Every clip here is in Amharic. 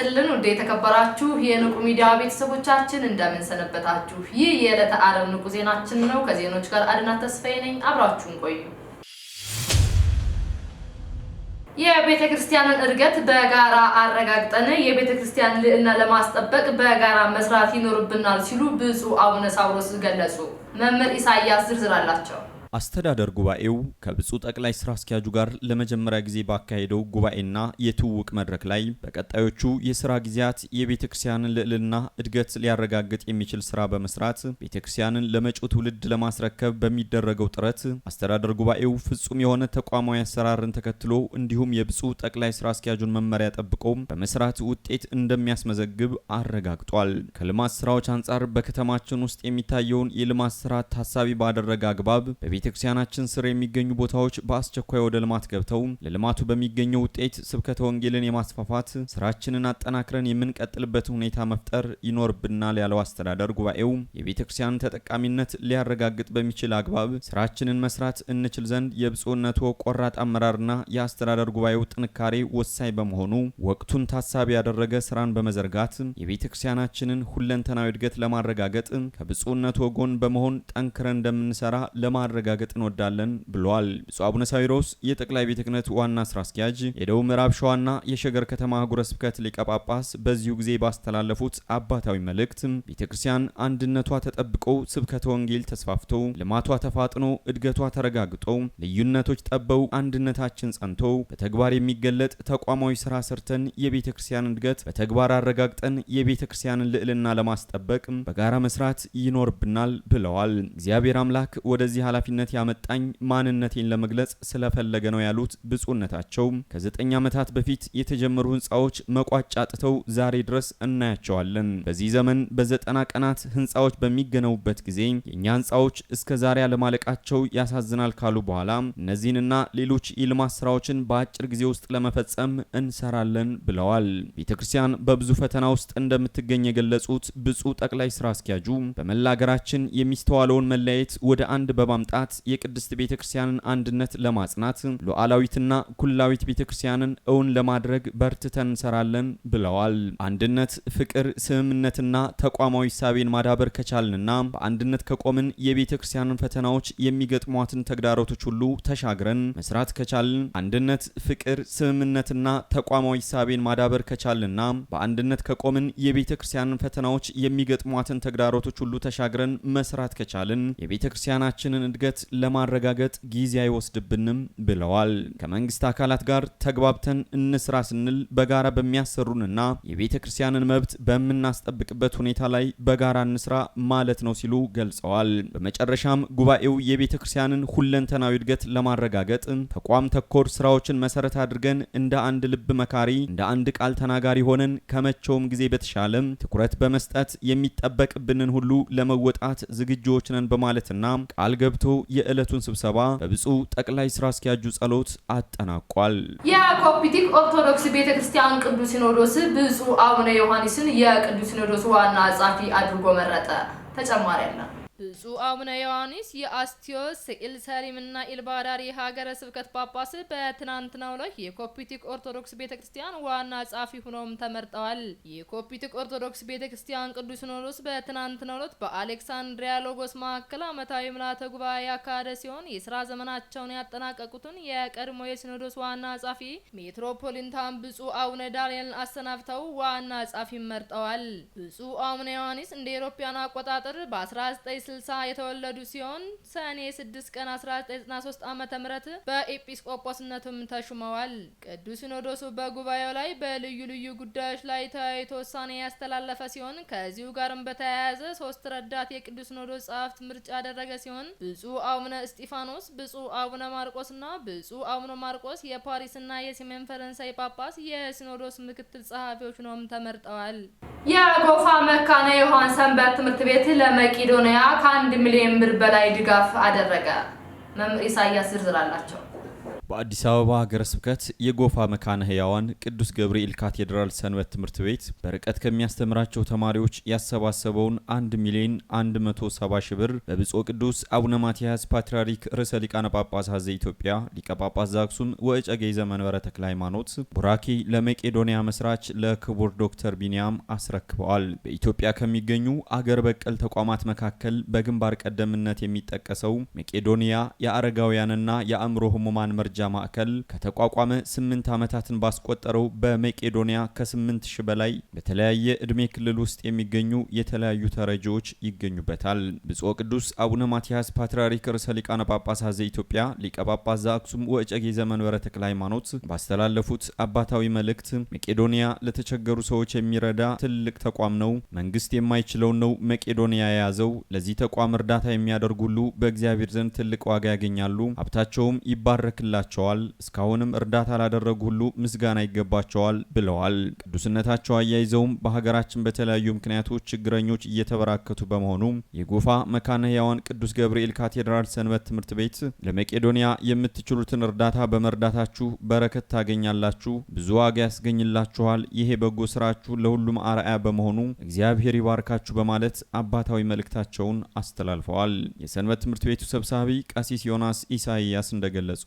ይስጥልን ውድ የተከበራችሁ የንቁ ሚዲያ ቤተሰቦቻችን እንደምን ሰነበታችሁ? ይህ የዕለተ ዓርብ ንቁ ዜናችን ነው። ከዜኖች ጋር አድናት ተስፋዬ ነኝ። አብራችሁን ቆዩ። የቤተ ክርስቲያንን እድገት በጋራ አረጋግጠን የቤተ ክርስቲያን ልዕልና ለማስጠበቅ በጋራ መስራት ይኖርብናል ሲሉ ብፁዕ አቡነ ሳዊሮስ ገለጹ። መምህር ኢሳያስ ዝርዝር አላቸው። አስተዳደር ጉባኤው ከብፁዕ ጠቅላይ ስራ አስኪያጁ ጋር ለመጀመሪያ ጊዜ ባካሄደው ጉባኤና የትውውቅ መድረክ ላይ በቀጣዮቹ የስራ ጊዜያት የቤተ ክርስቲያንን ልዕልና እድገት ሊያረጋግጥ የሚችል ስራ በመስራት ቤተ ክርስቲያንን ለመጪው ትውልድ ለማስረከብ በሚደረገው ጥረት አስተዳደር ጉባኤው ፍጹም የሆነ ተቋማዊ አሰራርን ተከትሎ እንዲሁም የብፁዕ ጠቅላይ ስራ አስኪያጁን መመሪያ ጠብቆ በመስራት ውጤት እንደሚያስመዘግብ አረጋግጧል። ከልማት ስራዎች አንጻር በከተማችን ውስጥ የሚታየውን የልማት ስራ ታሳቢ ባደረገ አግባብ በቤተ ክርስቲያናችን ስር የሚገኙ ቦታዎች በአስቸኳይ ወደ ልማት ገብተው ለልማቱ በሚገኘው ውጤት ስብከተ ወንጌልን የማስፋፋት ስራችንን አጠናክረን የምንቀጥልበትን ሁኔታ መፍጠር ይኖርብናል ያለው አስተዳደር ጉባኤው የቤተክርስቲያንን ተጠቃሚነት ሊያረጋግጥ በሚችል አግባብ ስራችንን መስራት እንችል ዘንድ የብፁዕነቱ ቆራጥ አመራርና የአስተዳደር ጉባኤው ጥንካሬ ወሳኝ በመሆኑ ወቅቱን ታሳቢ ያደረገ ስራን በመዘርጋት የቤተክርስቲያናችንን ሁለንተናዊ እድገት ለማረጋገጥ ከብፁዕነቱ ጎን በመሆን ጠንክረን እንደምንሰራ ለማድረግ ማረጋገጥ እንወዳለን ብሏል። ብፁዕ አቡነ ሳዊሮስ የጠቅላይ ቤተ ክህነት ዋና ስራ አስኪያጅ፣ የደቡብ ምዕራብ ሸዋና የሸገር ከተማ አህጉረ ስብከት ሊቀ ጳጳስ በዚሁ ጊዜ ባስተላለፉት አባታዊ መልእክት ቤተ ክርስቲያን አንድነቷ ተጠብቆ ስብከተ ወንጌል ተስፋፍቶ ልማቷ ተፋጥኖ እድገቷ ተረጋግጦ ልዩነቶች ጠበው አንድነታችን ጸንቶ በተግባር የሚገለጥ ተቋማዊ ስራ ሰርተን የቤተ ክርስቲያን እድገት በተግባር አረጋግጠን የቤተ ክርስቲያንን ልዕልና ለማስጠበቅ በጋራ መስራት ይኖርብናል ብለዋል። እግዚአብሔር አምላክ ወደዚህ ኃላፊነት ወደዚህ ያመጣኝ ማንነቴን ለመግለጽ ስለፈለገ ነው ያሉት ብፁዕነታቸው ከዘጠኝ ዓመታት በፊት የተጀመሩ ህንፃዎች መቋጫ አጥተው ዛሬ ድረስ እናያቸዋለን። በዚህ ዘመን በዘጠና ቀናት ህንፃዎች በሚገነቡበት ጊዜ የእኛ ህንፃዎች እስከ ዛሬ አለማለቃቸው ያሳዝናል ካሉ በኋላ እነዚህንና ሌሎች የልማት ስራዎችን በአጭር ጊዜ ውስጥ ለመፈጸም እንሰራለን ብለዋል። ቤተ ክርስቲያን በብዙ ፈተና ውስጥ እንደምትገኝ የገለጹት ብፁዕ ጠቅላይ ስራ አስኪያጁ በመላ ሀገራችን የሚስተዋለውን መለያየት ወደ አንድ በማምጣት በማጽናት የቅድስት ቤተ ክርስቲያንን አንድነት ለማጽናት ሉዓላዊትና ኩላዊት ቤተ ክርስቲያንን እውን ለማድረግ በርትተን እንሰራለን ብለዋል። አንድነት፣ ፍቅር፣ ስምምነትና ተቋማዊ ሳቤን ማዳበር ከቻልንና በአንድነት ከቆምን የቤተ ክርስቲያንን ፈተናዎች የሚገጥሟትን ተግዳሮቶች ሁሉ ተሻግረን መስራት ከቻልን አንድነት፣ ፍቅር፣ ስምምነትና ተቋማዊ ሳቤን ማዳበር ከቻልንና በአንድነት ከቆምን የቤተ ክርስቲያንን ፈተናዎች የሚገጥሟትን ተግዳሮቶች ሁሉ ተሻግረን መስራት ከቻልን የቤተ ክርስቲያናችንን እድገት ሂደት ለማረጋገጥ ጊዜ አይወስድብንም ብለዋል። ከመንግስት አካላት ጋር ተግባብተን እንስራ ስንል በጋራ በሚያሰሩንና የቤተ ክርስቲያንን መብት በምናስጠብቅበት ሁኔታ ላይ በጋራ እንስራ ማለት ነው ሲሉ ገልጸዋል። በመጨረሻም ጉባኤው የቤተ ክርስቲያንን ሁለንተናዊ እድገት ለማረጋገጥ ተቋም ተኮር ስራዎችን መሰረት አድርገን እንደ አንድ ልብ መካሪ እንደ አንድ ቃል ተናጋሪ ሆነን ከመቼውም ጊዜ በተሻለም ትኩረት በመስጠት የሚጠበቅብንን ሁሉ ለመወጣት ዝግጁዎች ነን በማለትና ቃል ገብቶ የዕለቱን ስብሰባ በብፁዕ ጠቅላይ ስራ አስኪያጁ ጸሎት አጠናቋል። የኮፒቲክ ኦርቶዶክስ ቤተ ክርስቲያን ቅዱስ ሲኖዶስ ብፁዕ አቡነ ዮሐንስን የቅዱስ ሲኖዶስ ዋና ጸሐፊ አድርጎ መረጠ። ተጨማሪ ያለን ብፁዕ አቡነ ዮሐንስ የአስቲዮስ ኢልሰሪምና ኢልባዳሪ ሀገረ ስብከት ጳጳስ በትናንትናው ላይ የኮፒቲክ ኦርቶዶክስ ቤተ ክርስቲያን ዋና ጸሐፊ ሆነውም ተመርጠዋል። የኮፒቲክ ኦርቶዶክስ ቤተ ክርስቲያን ቅዱስ ሲኖዶስ በትናንትናው ዕለት በአሌክሳንድሪያ ሎጎስ መካከል ዓመታዊ ምልዓተ ጉባኤ ያካሄደ ሲሆን የስራ ዘመናቸውን ያጠናቀቁትን የቀድሞ የሲኖዶስ ዋና ጸሐፊ ሜትሮፖሊታን ብፁዕ አቡነ ዳንኤልን አሰናብተው ዋና ጸሐፊ መርጠዋል። ብፁዕ አቡነ ዮሐንስ እንደ ኢሮፓያን አቆጣጠር በ19 ስልሳ የተወለዱ ሲሆን ሰኔ ስድስት ቀን አስራ ዘጠኝ ዘጠና ሶስት አመተ ምህረት በኤጲስቆጶስነትም ተሹመዋል። ቅዱስ ሲኖዶሱ በጉባኤው ላይ በልዩ ልዩ ጉዳዮች ላይ ተወያይቶ ውሳኔ ያስተላለፈ ሲሆን ከዚሁ ጋርም በተያያዘ ሶስት ረዳት የቅዱስ ሲኖዶስ ጸሐፍት ምርጫ ያደረገ ሲሆን ብፁዕ አቡነ እስጢፋኖስ፣ ብፁዕ አቡነ ማርቆስና ብፁዕ አቡነ ማርቆስ የፓሪስና የሲሜን ፈረንሳይ ጳጳስ የሲኖዶስ ምክትል ጸሐፊዎች ሆነውም ተመርጠዋል። የጎፋ መካነ ዮሐን ሰንበት ትምህርት ቤት ለመቄዶንያ ከአንድ ሚሊዮን ብር በላይ ድጋፍ አደረገ። መምህር ኢሳያስ ዝርዝር አላቸው። በአዲስ አበባ ሀገረ ስብከት የጎፋ መካነ ህያዋን ቅዱስ ገብርኤል ካቴድራል ሰንበት ትምህርት ቤት በርቀት ከሚያስተምራቸው ተማሪዎች ያሰባሰበውን 1 ሚሊዮን 170 ሺህ ብር በብፁዕ ቅዱስ አቡነ ማትያስ ፓትርያርክ ርዕሰ ሊቃነ ጳጳሳት ዘኢትዮጵያ ሊቀ ጳጳስ ዘአክሱም ወእጨጌ ዘመንበረ ተክለ ሃይማኖት ቡራኪ ለመቄዶንያ መስራች ለክቡር ዶክተር ቢንያም አስረክበዋል። በኢትዮጵያ ከሚገኙ አገር በቀል ተቋማት መካከል በግንባር ቀደምትነት የሚጠቀሰው መቄዶንያ የአረጋውያንና የአእምሮ ህሙማን መርጃ መረጃ ማዕከል ከተቋቋመ ስምንት ዓመታትን ባስቆጠረው በመቄዶንያ ከስምንት ሺህ በላይ በተለያየ ዕድሜ ክልል ውስጥ የሚገኙ የተለያዩ ተረጂዎች ይገኙበታል። ብፁዕ ቅዱስ አቡነ ማትያስ ፓትርያርክ ርዕሰ ሊቃነ ጳጳሳት ዘኢትዮጵያ ሊቀ ጳጳስ ዘአክሱም ወእጨጌ ዘመንበረ ተክለ ሃይማኖት ባስተላለፉት አባታዊ መልእክት መቄዶንያ ለተቸገሩ ሰዎች የሚረዳ ትልቅ ተቋም ነው። መንግስት የማይችለውን ነው መቄዶንያ የያዘው። ለዚህ ተቋም እርዳታ የሚያደርጉ ሁሉ በእግዚአብሔር ዘንድ ትልቅ ዋጋ ያገኛሉ፣ ሀብታቸውም ይባረክላቸው ይገባቸዋል፣ እስካሁንም እርዳታ ላደረጉ ሁሉ ምስጋና ይገባቸዋል ብለዋል። ቅዱስነታቸው አያይዘውም በሀገራችን በተለያዩ ምክንያቶች ችግረኞች እየተበራከቱ በመሆኑ የጎፋ መካነ ሕያዋን ቅዱስ ገብርኤል ካቴድራል ሰንበት ትምህርት ቤት ለመቄዶንያ የምትችሉትን እርዳታ በመርዳታችሁ በረከት ታገኛላችሁ፣ ብዙ ዋጋ ያስገኝላችኋል። ይሄ በጎ ስራችሁ ለሁሉም አርአያ በመሆኑ እግዚአብሔር ይባርካችሁ በማለት አባታዊ መልእክታቸውን አስተላልፈዋል። የሰንበት ትምህርት ቤቱ ሰብሳቢ ቀሲስ ዮናስ ኢሳይያስ እንደገለጹት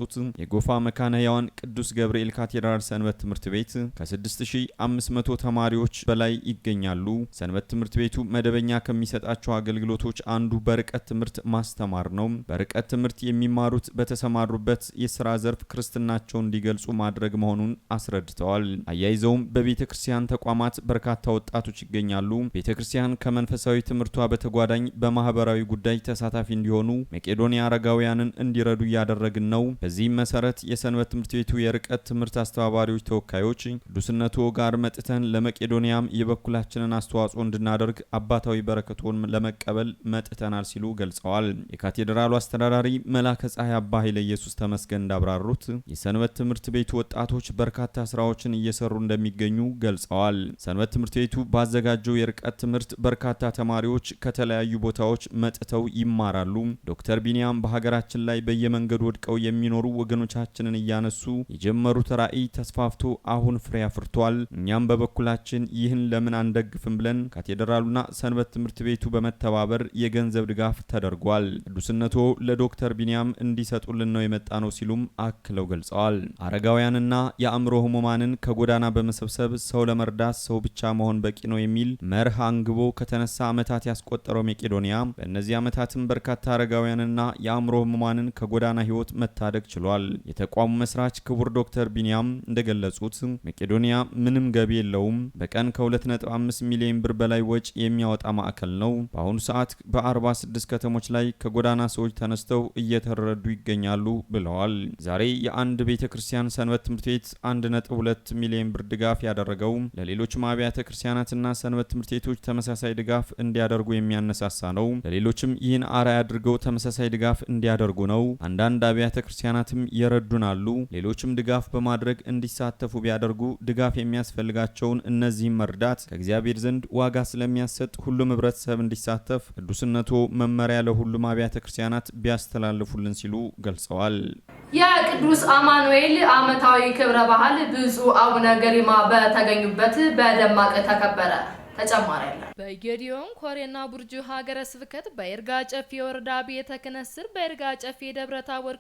የጎፋ መካነ ሕያዋን ቅዱስ ገብርኤል ካቴድራል ሰንበት ትምህርት ቤት ከ6500 ተማሪዎች በላይ ይገኛሉ። ሰንበት ትምህርት ቤቱ መደበኛ ከሚሰጣቸው አገልግሎቶች አንዱ በርቀት ትምህርት ማስተማር ነው። በርቀት ትምህርት የሚማሩት በተሰማሩበት የስራ ዘርፍ ክርስትናቸውን እንዲገልጹ ማድረግ መሆኑን አስረድተዋል። አያይዘውም በቤተ ክርስቲያን ተቋማት በርካታ ወጣቶች ይገኛሉ። ቤተ ክርስቲያን ከመንፈሳዊ ትምህርቷ በተጓዳኝ በማህበራዊ ጉዳይ ተሳታፊ እንዲሆኑ መቄዶንያ አረጋውያንን እንዲረዱ እያደረግን ነው። በዚህም መሰረት መሰረት የሰንበት ትምህርት ቤቱ የርቀት ትምህርት አስተባባሪዎች ተወካዮች ቅዱስነቱ ጋር መጥተን ለመቄዶንያም የበኩላችንን አስተዋጽኦ እንድናደርግ አባታዊ በረከቶን ለመቀበል መጥተናል ሲሉ ገልጸዋል። የካቴድራሉ አስተዳዳሪ መላከ ፀሐይ አባ ኃይለ ኢየሱስ ተመስገን እንዳብራሩት የሰንበት ትምህርት ቤቱ ወጣቶች በርካታ ስራዎችን እየሰሩ እንደሚገኙ ገልጸዋል። ሰንበት ትምህርት ቤቱ ባዘጋጀው የርቀት ትምህርት በርካታ ተማሪዎች ከተለያዩ ቦታዎች መጥተው ይማራሉ። ዶክተር ቢኒያም በሀገራችን ላይ በየመንገዱ ወድቀው የሚኖሩ ወገኖች ዘመቻችንን እያነሱ የጀመሩት ራዕይ ተስፋፍቶ አሁን ፍሬ አፍርቷል። እኛም በበኩላችን ይህን ለምን አንደግፍም ብለን ካቴድራሉና ሰንበት ትምህርት ቤቱ በመተባበር የገንዘብ ድጋፍ ተደርጓል። ቅዱስነቶ ለዶክተር ቢንያም እንዲሰጡልን ነው የመጣ ነው ሲሉም አክለው ገልጸዋል። አረጋውያንና የአእምሮ ህሙማንን ከጎዳና በመሰብሰብ ሰው ለመርዳት ሰው ብቻ መሆን በቂ ነው የሚል መርህ አንግቦ ከተነሳ ዓመታት ያስቆጠረው መቄዶንያ በእነዚህ ዓመታትም በርካታ አረጋውያንና የአእምሮ ህሙማንን ከጎዳና ህይወት መታደግ ችሏል። የተቋሙ መስራች ክቡር ዶክተር ቢኒያም እንደገለጹት መቄዶንያ ምንም ገቢ የለውም። በቀን ከ2.5 ሚሊዮን ብር በላይ ወጪ የሚያወጣ ማዕከል ነው። በአሁኑ ሰዓት በ46 ከተሞች ላይ ከጎዳና ሰዎች ተነስተው እየተረዱ ይገኛሉ ብለዋል። ዛሬ የአንድ ቤተ ክርስቲያን ሰንበት ትምህርት ቤት 1.2 ሚሊዮን ብር ድጋፍ ያደረገው ለሌሎችም አብያተ ክርስቲያናትና ሰንበት ትምህርት ቤቶች ተመሳሳይ ድጋፍ እንዲያደርጉ የሚያነሳሳ ነው። ለሌሎችም ይህን አርአያ አድርገው ተመሳሳይ ድጋፍ እንዲያደርጉ ነው። አንዳንድ አብያተ ክርስቲያናትም እየረዱን አሉ። ሌሎችም ድጋፍ በማድረግ እንዲሳተፉ ቢያደርጉ ድጋፍ የሚያስፈልጋቸውን እነዚህም መርዳት ከእግዚአብሔር ዘንድ ዋጋ ስለሚያሰጥ ሁሉም ህብረተሰብ እንዲሳተፍ ቅዱስነቶ መመሪያ ለሁሉም አብያተ ክርስቲያናት ቢያስተላልፉልን ሲሉ ገልጸዋል። የቅዱስ አማኑኤል ዓመታዊ ክብረ በዓል ብፁዕ አቡነ ገሪማ በተገኙበት በደማቅ ተከበረ። ተጨማሪ ያለ በጌዲዮን ኮሬና ቡርጁ ሀገረ ስብከት በይርጋ ጨፌ ወረዳ ቤተ ክህነት ስር በይርጋ ጨፌ ደብረ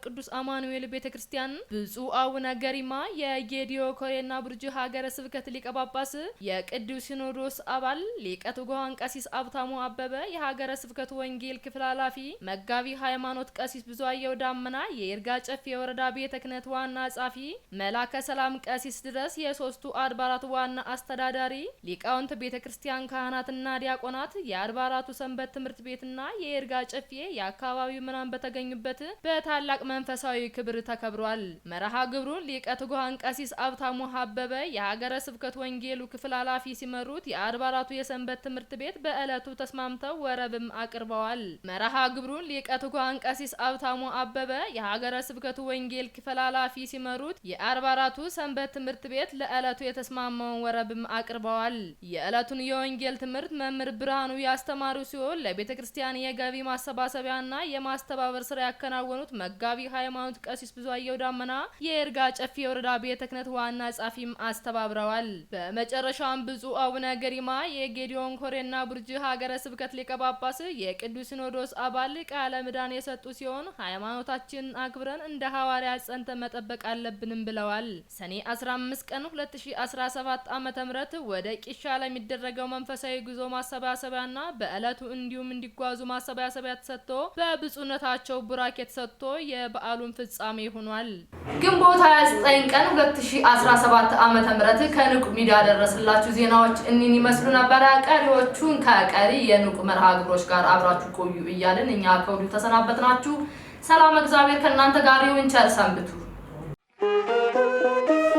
ቅዱስ አማኑኤል ቤተ ክርስቲያን ብፁዕ አቡነ ገሪማ የጌዲዮ ኮሬና ቡርጁ ሀገረ ስብከት ሊቀ ጳጳስ፣ የቅዱስ ሲኖዶስ አባል ሊቀ ትጉሃን ቀሲስ አብታሙ አበበ፣ የሀገረ ስብከቱ ወንጌል ክፍል ኃላፊ መጋቢ ሃይማኖት ቀሲስ ብዙአየሁ ዳመና፣ የይርጋ ጨፌ ወረዳ ቤተ ክህነት ዋና ጻፊ መላከ ሰላም ቀሲስ ድረስ፣ የሶስቱ አድባራት ዋና አስተዳዳሪ ሊቃውንት ቤተ ክርስቲያን ካህናትና መናንያንና ዲያቆናት የአርባ አራቱ ሰንበት ትምህርት ቤትና የይርጋ ጨፌ የአካባቢው ምናን በተገኙበት በታላቅ መንፈሳዊ ክብር ተከብሯል። መርሃ ግብሩን ሊቀ ትጉሃን ቀሲስ አብታሙ ሀበበ የሀገረ ስብከት ወንጌሉ ክፍል ኃላፊ ሲመሩት የአርባ አራቱ የሰንበት ትምህርት ቤት በዕለቱ ተስማምተው ወረብም አቅርበዋል። መርሃ ግብሩን ሊቀ ትጉሃን ቀሲስ አብታሙ አበበ የሀገረ ስብከቱ ወንጌል ክፍል ኃላፊ ሲመሩት የአርባ አራቱ ሰንበት ትምህርት ቤት ለዕለቱ የተስማማውን ወረብም አቅርበዋል። የዕለቱን የወንጌል ትምህርት የሚሰጡት መምህር ብርሃኑ ያስተማሩ ሲሆን ለቤተ ክርስቲያን የገቢ ማሰባሰቢያና የማስተባበር ስራ ያከናወኑት መጋቢ ሃይማኖት ቀሲስ ብዙአየሁ ዳመና የእርጋ ጨፌ የወረዳ ቤተ ክህነት ዋና ጻፊም አስተባብረዋል። በመጨረሻም ብፁዕ አቡነ ገሪማ የጌዲዮን ኮሬና ቡርጅ ሀገረ ስብከት ሊቀ ጳጳስ፣ የቅዱስ ሲኖዶስ አባል ቃለ ምዕዳን የሰጡ ሲሆን ሃይማኖታችንን አክብረን እንደ ሐዋርያ ጸንተን መጠበቅ አለብንም ብለዋል። ሰኔ 15 ቀን 2017 ዓ.ም ወደ ቂሻ ለሚደረገው መንፈሳዊ ጉዞ የጉዞ ማሰባሰቢያና በእለቱ እንዲሁም እንዲጓዙ ማሰባሰቢያ ተሰጥቶ በብፁዕነታቸው ቡራኬ ተሰጥቶ የበዓሉን ፍጻሜ ሆኗል። ግንቦት 29 ቀን 2017 ዓ.ም ከንቁ ሚዲያ ደረስላችሁ ዜናዎች እኒን ይመስሉ ነበረ። ቀሪዎቹን ከቀሪ የንቁ መርሃ ግብሮች ጋር አብራችሁ ቆዩ እያልን እኛ ተሰናበት ናችሁ ሰላም እግዚአብሔር ከእናንተ ጋር ይሁን። ቸር ሰንብቱ።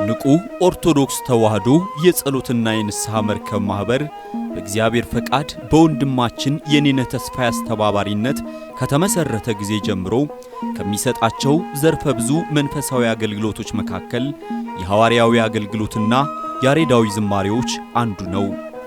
ንቁ ኦርቶዶክስ ተዋህዶ የጸሎትና የንስሐ መርከብ ማህበር በእግዚአብሔር ፈቃድ በወንድማችን የኔነ ተስፋ አስተባባሪነት ከተመሰረተ ጊዜ ጀምሮ ከሚሰጣቸው ዘርፈ ብዙ መንፈሳዊ አገልግሎቶች መካከል የሐዋርያዊ አገልግሎትና ያሬዳዊ ዝማሬዎች አንዱ ነው።